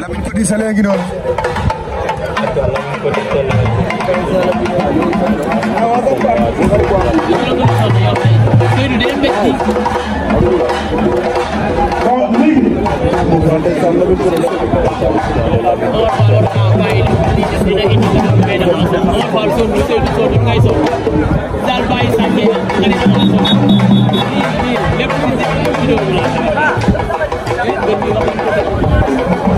Lamine ko di sale ngi noonu Thank you.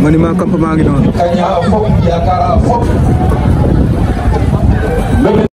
monument campement ngi noonu